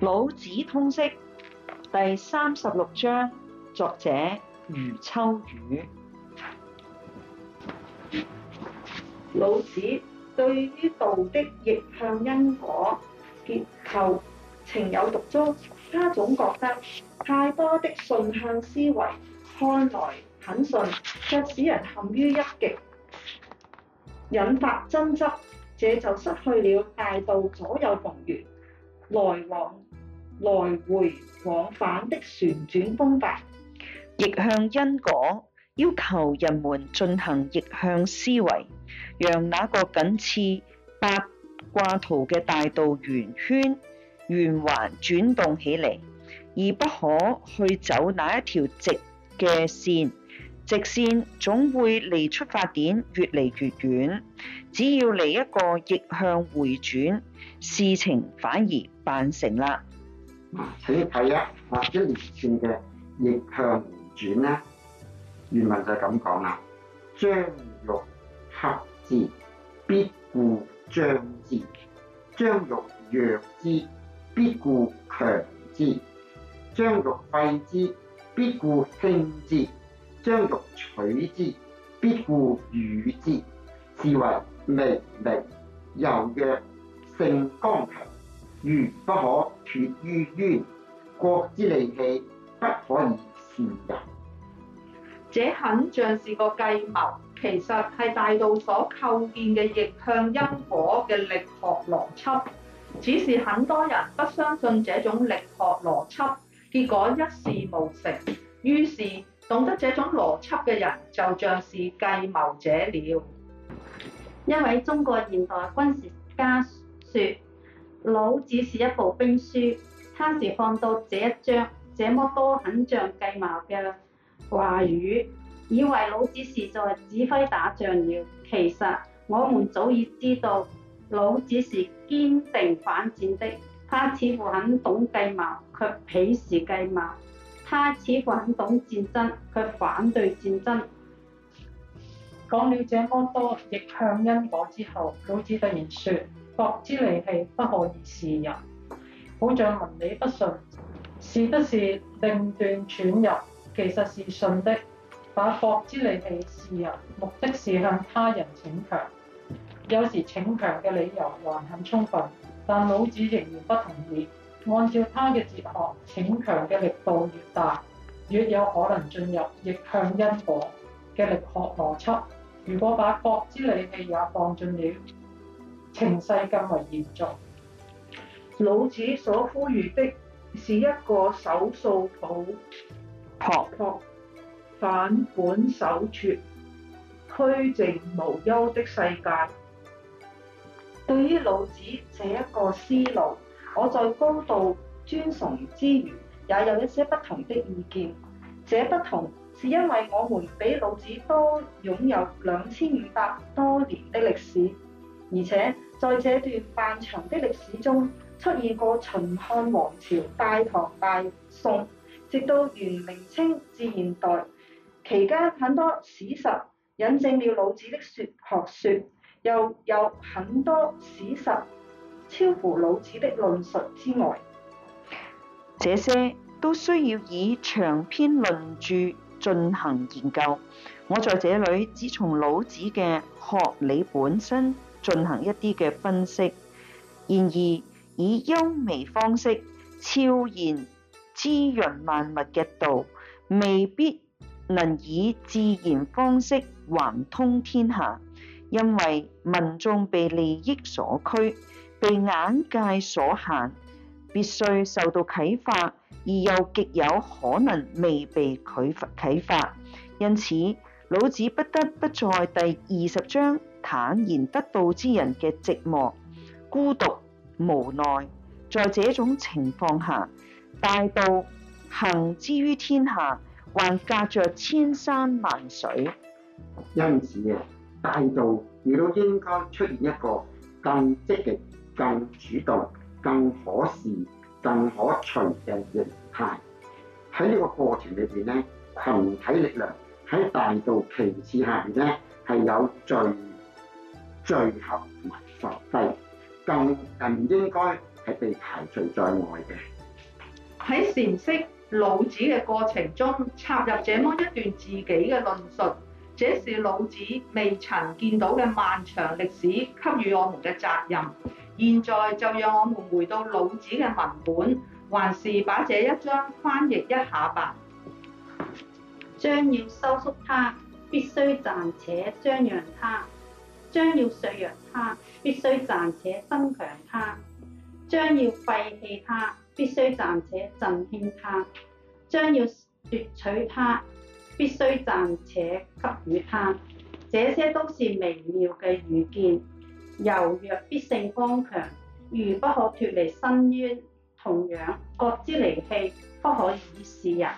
《老子通識釋》第三十六章，作者余秋雨。老子對於道的逆向因果結構情有獨鍾，他總覺得太多的順向思維，看來很順，卻使人陷於一極，引發爭執，這就失去了大道左右逢源，來往、來回、往返的旋轉方法，逆向因果要求人們進行逆向思維，讓那個近似八卦圖嘅大道圓圈圓環轉動起嚟，而不可去走那一條直嘅線。直線總會離出發點越嚟越遠，只要嚟一個逆向回轉，事情反而辦成啦。嗱，請睇啊，嗱，一年線嘅逆向回轉呢，原文就咁講啦：將欲合之，必固張之；將欲弱之，必固強之；將欲廢之，必固興之。將欲取之，必固與之，是為微明。柔弱勝剛強，魚不可脱於淵，國之利器，不可以善人。這很像是個計謀，其實係大道所構建嘅逆向因果嘅力學邏輯。只是很多人不相信這種力學邏輯，結果一事無成，於是。懂得這種邏輯嘅人，就像是計謀者了。一位中國現代軍事家說，老子是一部兵書，他是看到這一章這麼多很像計謀嘅話語，以為老子是在指揮打仗了。其實我們早已知道，老子是堅定反戰的。他似乎很懂計謀，卻鄙視計謀。他始玩懂戰爭，卻反對戰爭。講了這麼多逆向因果之後，老子突然說：國之利器不可以示人？好像文理不順，是不是令斷轉入？其實是順的，把國之利器示人，目的是向他人逞強。有時逞強嘅理由還很充分，但老子仍然不同意。按照他嘅哲學，逞強嘅力度越大，越有可能進入逆向因果嘅力學邏輯。如果把國之利器也放進了，情勢更為嚴重。老子所呼籲的是一個守素朴、抱朴反本守拙、虛靜無憂的世界。對於老子這一個思路，我在高度尊崇之餘，也有一些不同的意見。這不同是因為我們比老子多擁有兩千五百多年的歷史，而且在這段漫長的歷史中，出現過秦漢王朝、大唐、大宋，直到元明清至現代，期間很多史實引證了老子的說學說，又有很多史實，超乎老子的論述之外，這些都需要以長篇論著進行研究。我在這裏只從老子嘅學理本身進行一啲嘅分析。然而，以幽微方式超然滋潤萬物嘅道，未必能以自然方式橫通天下，因為民眾被利益所驅。被眼界所限，必須受到啟發，而又極有可能未被佢啟發，因此老子不得不在第二十章坦然得道之人嘅寂寞、孤獨、無奈。在這種情況下，大道行之於天下，還隔着千山萬水。因此大道亦都應該出現一個更積極、更主動、更可視、更可隨嘅形態。喺呢個過程裏邊咧，群體力量喺大道旗幟下邊咧係有最聚合同埋發揮，更唔應該係被排除在外嘅。喺善識老子嘅過程中，插入這麼一段自己嘅論述，這是老子未曾見到嘅漫長歷史給予我們嘅責任。現在就讓我們回到老子嘅文本，還是把這一章翻譯一下吧。將要收縮他，必須暫且張揚他；將要削弱他，必須暫且增強他；將要廢棄他，必須暫且振興他；將要奪取他，必須暫且給予他。這些都是微妙嘅預見。柔弱必勝剛強，魚不可脫離深淵，同樣，國之利器，不可以示人。